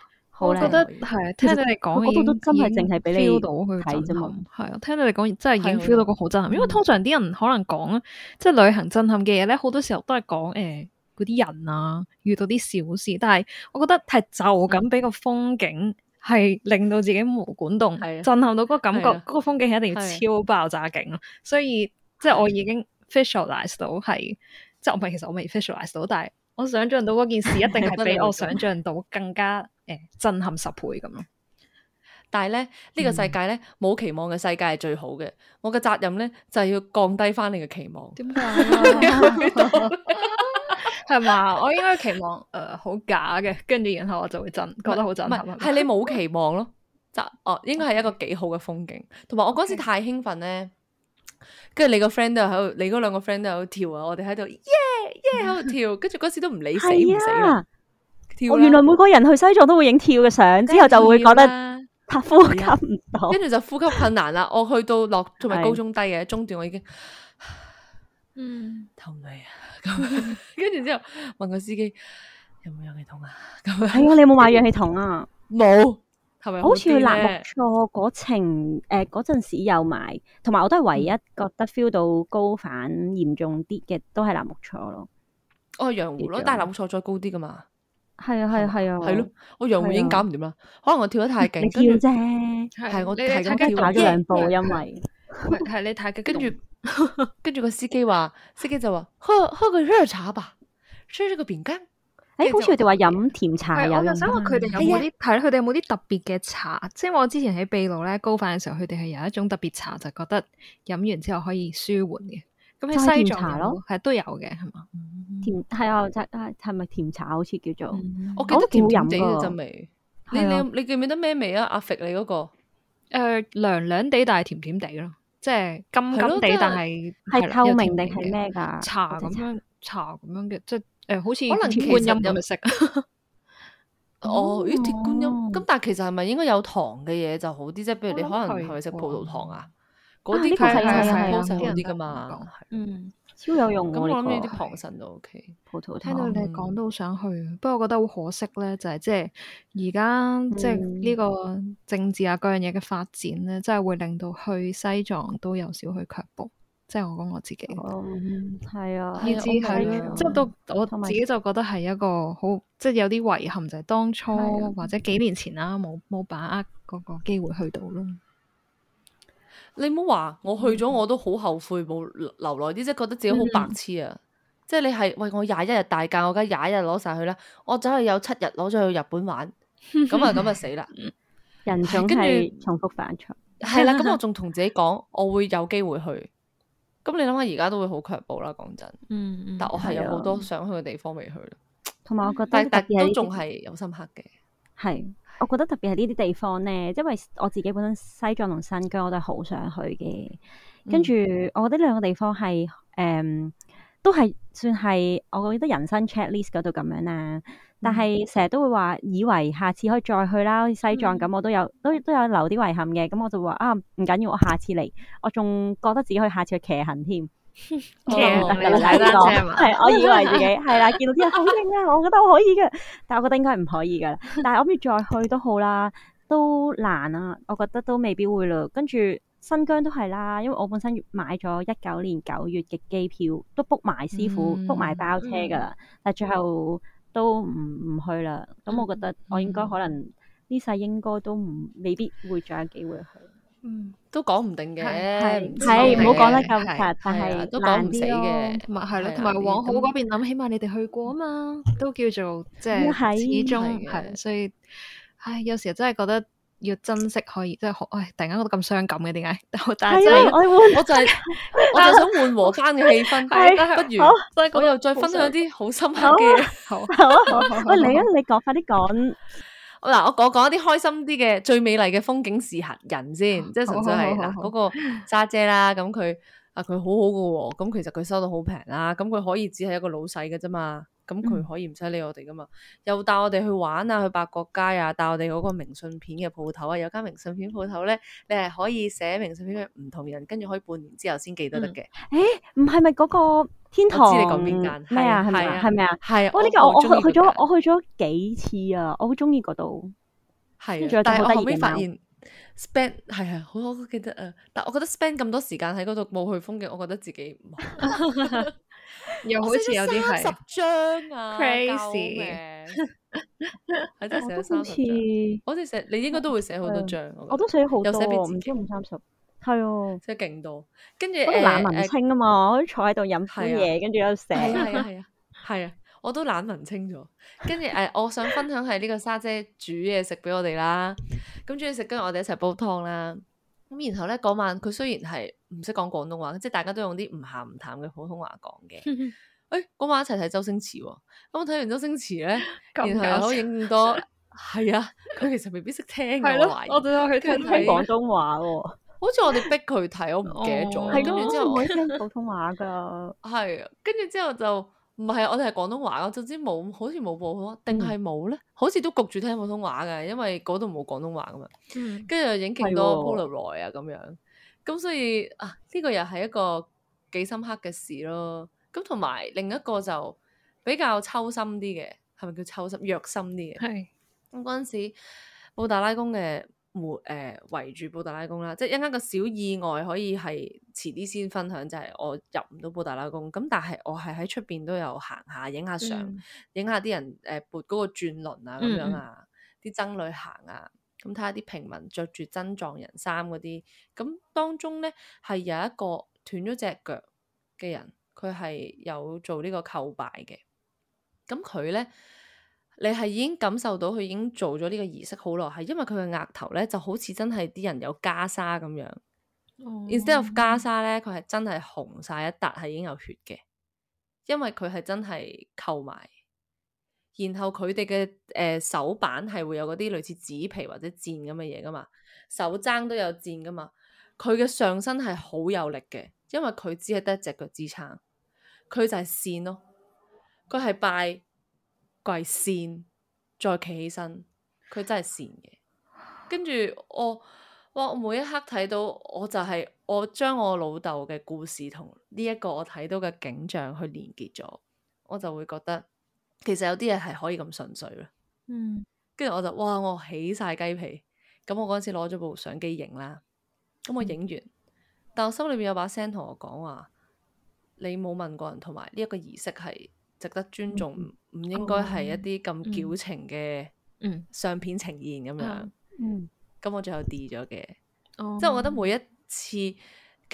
我覺得係，聽到你講，我覺得真係淨係俾你 feel 到佢震撼。係，聽到你講，真係已經 feel 到個好震撼。因為通常啲人可能講，即係旅行震撼嘅嘢咧，好多時候都係講誒。啲人啊，遇到啲小事，但係我覺得係就咁俾個風景係令到自己毛管動，係的震撼到嗰個感覺，嗰的個風景係一定要超爆炸勁咯。的所以即係我已經 visualise 到係，即係我唔係其實我未 visualise 到，但係我想象到嗰件事一定係比我想象到更加誒的震撼十倍咁咯。 但係咧呢、這個世界咧冇、嗯、期望嘅世界係最好嘅，我嘅責任咧就係、是、要降低翻你嘅期望。點解？ 係嘛？我應該期望誒好、呃、假嘅，跟住然後我就會震，是覺得好震。唔係，係你冇期望咯。真哦，應該係一個幾好嘅風景。同埋我嗰時太興奮咧，跟住 Okay. 你個 friend 都喺度，你嗰兩個 friend 都喺度跳啊！我哋喺度耶，耶、yeah, yeah, 嗯，喺度跳，跟住嗰時都唔理 死唔死。跳！ 原來每個人去西藏都會影跳嘅相，之 後就會覺得吸呼吸唔到，跟住、 啊、就呼吸困難啦。我去到落，同埋高中低嘅 對 中段，我已經嗯 頭暈啊。跟住之後問個司機有冇氧氣筒啊？係啊，你有冇買氧氣筒啊？冇，係咪好似納木措嗰程？誒，嗰陣時有買，同埋我都係唯一覺得 feel 到高反嚴重啲嘅，都係納木措咯。哦，羊湖咯，但係納木措再高啲噶嘛？係啊，係啊，係啊。係咯，我羊湖已經搞唔掂啦，可能我跳得太勁，你跳啫，係我係咁跳打咗兩步，因為。係你睇嘅，跟住跟住個司機話，司機就話開開個熱茶吧，吹出個餅乾。誒，好似佢哋話飲甜茶。我又想問佢哋有冇啲，係佢哋有冇啲特別嘅茶？即係我之前喺秘魯咧高反嘅時候，佢哋係有一種特別茶，就覺得飲完之後可以舒緩嘅。咁喺西藏咯，係都有嘅，係嘛？甜係啊，係咪甜茶？好似叫做我記得甜哋嘅味。你你你記唔記得咩味啊？阿肥你嗰個誒涼涼地，但係甜甜地咯。即係金金地，但係是係透明定係咩噶？茶咁樣，茶咁樣嘅，即係誒、呃，好似可能鐵觀音有冇食？哦，咦、哦，鐵觀音，咁但係其實係咪應該有糖嘅嘢，就好啲？即係，譬如你可能去食葡萄糖、哦、些啊，嗰啲其實係、啊、好啲噶嘛，嗯。超有用、啊，咁、這個、我諗呢啲旁身都 OK。是葡萄聽到你講都想去，不過、嗯、我覺得好可惜咧，嗯、就係即係而家即係呢個政治啊各樣嘢嘅發展咧，即、就、係、是、會令到去西藏都有少去卻步。即係我講我自己，係、嗯、啊，呢啲係咯，即係都我自己就覺得係一個好，即、就、係、是、有啲遺憾就係當初、啊、或者幾年前啦、啊，冇冇把握嗰個機會去到咯。你唔好話我去咗，我都好後悔冇、嗯、留耐啲，即係覺得自己好白癡啊！嗯、即係你係喂，我廿一日大假，我而家廿一日攞晒，去啦，我走去有七日攞咗去日本玩，咁啊咁啊死啦！ 人總係重複犯錯，係啦。 咁我仲同自己講，我會有機會去。咁 你諗下，而家都會好卻步啦。講真，嗯嗯、但我係有好多想去嘅地方未去。同埋、嗯，嗯嗯嗯、我覺得但，都仲係有深刻嘅。是係，我覺得特別係呢啲地方咧，因為我自己本身西藏同新疆我都係好想去嘅。嗯、跟住我覺得呢兩個地方係誒、呃，都係算係我覺得人生 checklist 嗰度咁樣啦、啊。但係成日都會話以為下次可以再去啦，好似西藏咁、嗯、我都有都都有留啲遺憾嘅。咁我就話啊，唔緊要，我下次嚟，我仲覺得自己可以下次去騎行添。係，我以為自己係啦，見到啲人好勁啊，我覺得我可以嘅，但係我覺得應該係唔可以噶。但係我諗住再去都好啦，都難啊，我覺得都未必會咯。跟住新疆都係啦，因為我本身買咗一九年九月嘅機票，都 book 埋師傅，book 埋、嗯、包車噶啦，但係最後都唔唔去啦。咁我覺得我應該可能呢世應該都唔未必會再有機會去。嗯，都講唔定嘅，係唔好講得咁實，但係都講唔死嘅。同埋係咯，同埋往好嗰邊諗，起碼你哋去過啊嘛，都叫做即係始終係。所以，唉，有時真係覺得要珍惜，可以即係好。唉，突然間覺得咁傷感嘅，點解？但係我我就係我就想緩和翻嘅氣氛。不如，我又再分享啲好深刻嘅。好，喂，你啊，你講，快啲講。嗱，我我講一啲開心啲嘅最美麗嘅風景是人先，即係純粹係嗱，嗰、那個沙姐啦，咁佢好好㗎喎，咁其實佢收到好平啦，咁佢可以只係一個老細㗎咋嘛。咁佢可以唔使理我哋噶嘛？又帶我哋去玩啊，去八角街啊，帶我哋嗰個明信片嘅鋪頭啊。有間明信片鋪頭咧，你係可以寫明信片俾唔同人，跟住可以半年之後先寄得得嘅。誒，唔係咪嗰個天堂？知你講邊間？係啊，係咪啊？係咪啊？係。我呢個我去咗，我去咗幾次啊！我好中意嗰度。係。但係我後尾發現，spend 係係，好我記得啊。但我覺得 spend 咁多時間喺嗰度冇去風景，我覺得自己唔好。又好似有啲係，十張啊，crazy，嘅，係真寫三十張，我哋寫，你應該都會寫好多張，我都寫好多，唔知五三十，係啊，即係勁多，跟住我哋懶文青啊嘛，我坐喺度飲杯嘢，跟住喺度寫，係啊係啊，我都懶文青咗，跟住誒，我想分享係呢個莎姐煮嘢食俾我哋啦，咁煮嘢食跟住我哋一齊煲湯啦。咁然後咧，嗰晚佢雖然係唔識講廣東話，即係大家都用啲唔咸唔淡嘅普通話講嘅。誒、 哎，嗰晚一齊睇周星馳、哦，咁我睇完周星馳咧，然後又影咁多，係 啊，佢其實未必識聽 喏我哋我哋去睇廣東話，好似我哋逼佢睇，我唔 看 記得咗。係，跟住之後我，我唔會聽普通話噶。係，跟住之後就。唔係，我哋係廣東話，我總之冇，好似冇播咁定係冇咧？呢嗯、好似都焗住聽普通話嘅，因為嗰度冇廣東話噶嘛。跟住影勁多 Polaroid 啊咁樣。咁所以啊，呢、呢個又係一個幾深刻嘅事咯。咁同埋另一個就比較抽心啲嘅，係咪叫抽心弱心啲嘅？係是。咁嗰陣時，布達拉宮嘅。沒誒圍住布達拉宮啦，即係一間個小意外可以係遲啲先分享，就係、是、我入唔到布達拉宮。咁但係我係喺出邊都有行下，影、嗯、下相，影下啲人誒撥嗰個轉輪啊，咁樣啊，啲僧侶行啊，咁睇下啲平民着住僧裝人衫嗰啲。咁當中咧係有一個斷咗隻腳嘅人，佢係有做個呢個叩拜嘅。咁佢咧。你係已經感受到佢已經做咗呢個儀式好耐，係，因為佢嘅額頭咧就好似真係啲人有袈裟咁樣。Oh. Instead of 袈裟咧，佢係真係紅晒一笪係已經有血嘅，因為佢係真係扣埋。然後佢哋嘅誒手板係會有嗰啲類似紙皮或者箭咁嘅嘢噶嘛，手踭都有箭噶嘛。佢嘅上身係好有力嘅，因為佢只係得一隻腳支撐，佢就係線咯。佢係拜。跪先，再企起身，佢真係善嘅。跟住我，哇！我每一刻睇到，我就係我將我老豆嘅故事同呢一個我睇到嘅景象去連結咗，我就會覺得其實有啲嘢係可以咁純粹咯。跟住、嗯、我就哇！我起晒雞皮咁，咁我嗰陣時攞咗部相機影啦。咁我影完，嗯、但我心裏面有把聲同我講話：你冇問過人，同埋呢一個儀式係值得尊重、嗯。唔應該係一啲咁矯情嘅相片呈現咁樣，咁我最後 delete 咗嘅。嗯、即係我覺得每一次，其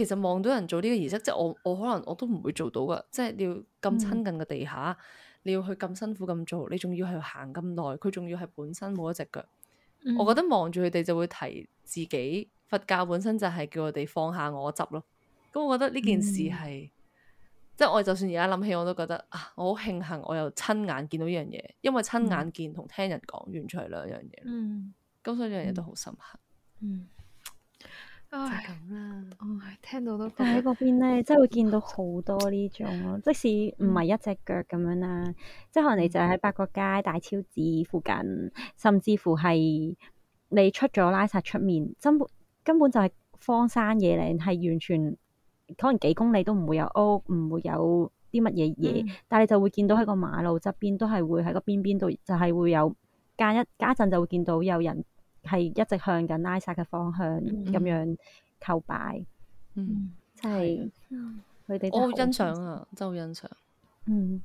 實望到人做呢個儀式，即係我我可能我都唔會做到噶。即係你要咁親近嘅地下，嗯、你要去咁辛苦咁做，你仲要去行咁耐，佢仲要係本身冇一隻腳。嗯、我覺得望住佢哋就會提自己。佛教本身就係叫我哋放下我執咯。咁我覺得呢件事係。嗯即係我，就算而家諗起我都覺得啊，我好慶幸我又親眼見到呢樣嘢，因為親眼見同、嗯、聽人講完全係兩樣嘢。嗯，咁所以呢樣嘢都好深刻。嗯， 就係咁啦。 哦，聽到都但係喺嗰邊咧，真係會見到好多呢種咯。 即使唔係一隻腳咁樣啦，即係可能你就喺八角街大昭寺附近，甚至乎係你出咗拉薩出面，根本根本就係荒山野嶺，係完全，全。可能幾公里都唔會有屋，唔會有啲乜嘢嘢，但係你就會見到喺個馬路側邊都係會喺個邊邊度，就係會有間一間陣就會見到有人係一直向緊拉薩嘅方向咁樣叩拜，嗯，真係，佢哋都好欣賞啊，真好欣賞，嗯，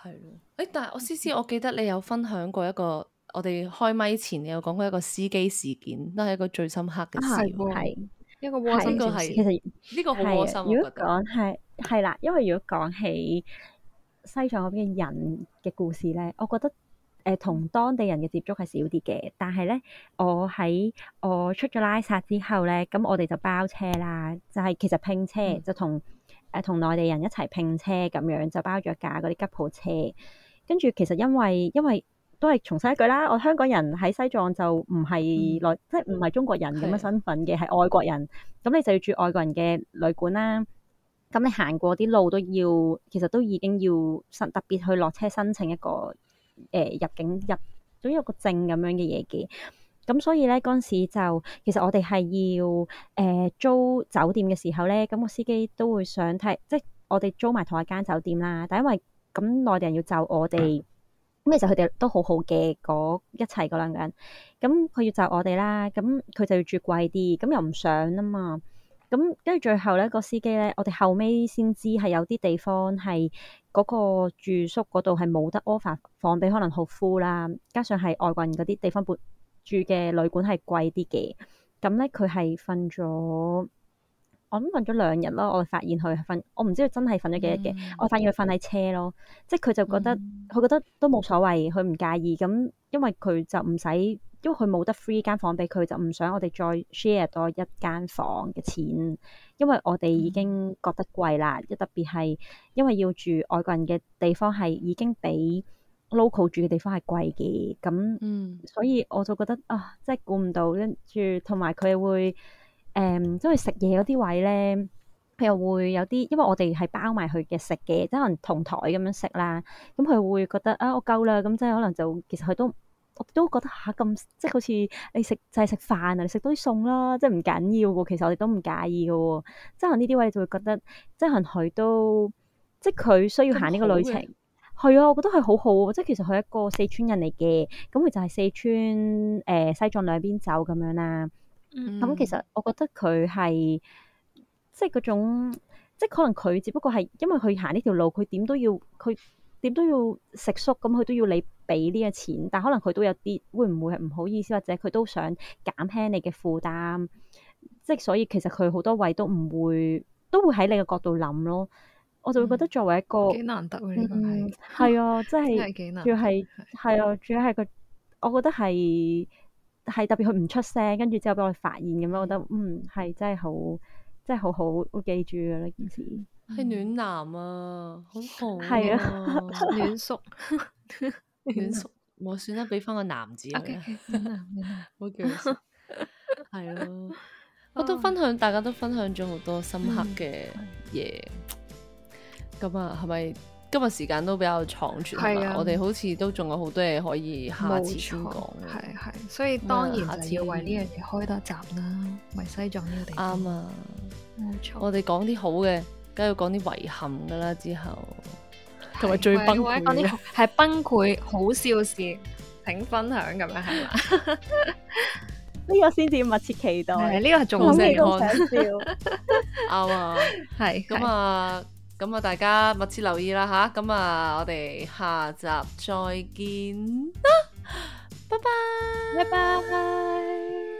係咯，誒，但係我思思，我記得你有分享過一個，我哋開咪前你有講過一個司機事件，都係一個最深刻嘅事，係。一個窩心嘅故事，就係、其實呢個窩心。的如果講係係啦，因為如果講起西藏嗰邊嘅人嘅故事咧，我覺得誒同、呃、當地人嘅接觸係少啲嘅，但係咧我喺我出咗拉薩之後咧，咁我哋就包車啦，就係、係、其實拼車、嗯、就同誒同內地人一齊拼車咁樣就包咗架嗰啲吉普車，跟住其實因為因為。都係重申一句啦。我香港人喺西藏就唔係內，即係唔係中國人咁嘅身份嘅，係外國人。咁你就要住外國人嘅旅館啦。咁你行過啲路都要，其實都已經要申特別去落車申請一個誒入境入總有個證咁樣嘅嘢嘅。咁所以咧嗰陣時就其實我哋係要誒租酒店嘅時候咧，咁個司機都會想睇，即係我哋租埋同一間酒店啦。但因為咁內地人要就我哋。咁其實佢哋都好好嘅，嗰一齊嗰兩個人，咁佢要就我哋啦，咁佢就要住貴啲，咁又唔想啊嘛，咁跟住最後咧個司機咧，我哋後尾先知係有啲地方係嗰個住宿嗰度係冇得 offer 房俾，可能好 full 啦，加上係外國人嗰啲地方住嘅旅館係貴啲嘅，咁咧佢係瞓咗。我諗瞓咗兩日咯，我發現佢瞓，我唔知佢真係瞓咗幾日嘅。嗯、我發現佢瞓喺車咯，即係佢就覺得，佢、嗯、覺得都冇所謂，佢唔介意。咁因為佢就唔使，因為佢冇得 free 間房俾佢，就唔想我哋再 share 多一間房嘅錢，因為我哋已經覺得貴啦。嗯、特別係因為要住外國人嘅地方係已經比 local 住嘅地方係貴嘅，咁、嗯、所以我就覺得啊，即係估唔到，跟住同埋佢會。誒，即係食嘢嗰啲位咧，佢又會有啲，因為我哋係包埋佢嘅食嘅，即係可能同台咁樣食啦。咁佢會覺得啊，我夠啦，咁即係可能就其實佢都，我都覺得嚇咁、啊，即係好似你食就係、是、食飯啊，你食多啲餸啦，即係唔緊要嘅。其實我哋都唔介意嘅。即係呢啲位就會覺得，即係可能佢都，即係佢需要行呢個旅程。係啊，我覺得佢好好、啊、喎。即係其實佢一個四川人嚟嘅，咁佢就係四川誒、呃、西藏兩邊走咁樣啦。嗯，咁其實我覺得佢係即係嗰種，即係可能佢只不過係因為佢行呢條路，佢點都要，佢點都要食宿，咁佢都要你俾呢個錢。但係可能佢都有啲，會唔會係唔好意思，或者佢都想減輕你嘅負擔，即係所以其實佢好多位都唔會，都會喺你嘅角度諗咯。我就會覺得作為一個幾，嗯，難得呢個係係啊，真係幾難，主要係係啊，主要係佢，我覺得係。係特別佢唔出聲，跟住之後俾我哋發現咁樣。我覺得嗯係真係好，即係好好我記住嘅呢件事。係暖男啊，好好係啊，是啊，暖，暖叔暖叔，暖，男暖叔，我算啦，俾翻個男子好 okay, 暖男。暖男暖男，我叫係咯。我都分享，大家都分享咗好多深刻嘅嘢。咁啊，係 咪？今日時間都比較倉促啊，我哋好似都仲有好多嘢可以下次講。係，係，所以當然我哋要為呢樣嘢開多一集啦。為西藏呢個地？啱啊，冇錯。我哋講啲好嘅，梗係要講啲遺憾㗎啦。之後同埋最崩潰，係崩潰。好笑事請分享咁樣係嘛？呢個先至密切期待。呢個係仲好笑。啱啊，係咁啊。咁啊，大家密切留意啦吓，咁啊，我哋下集再見啦，拜拜拜拜。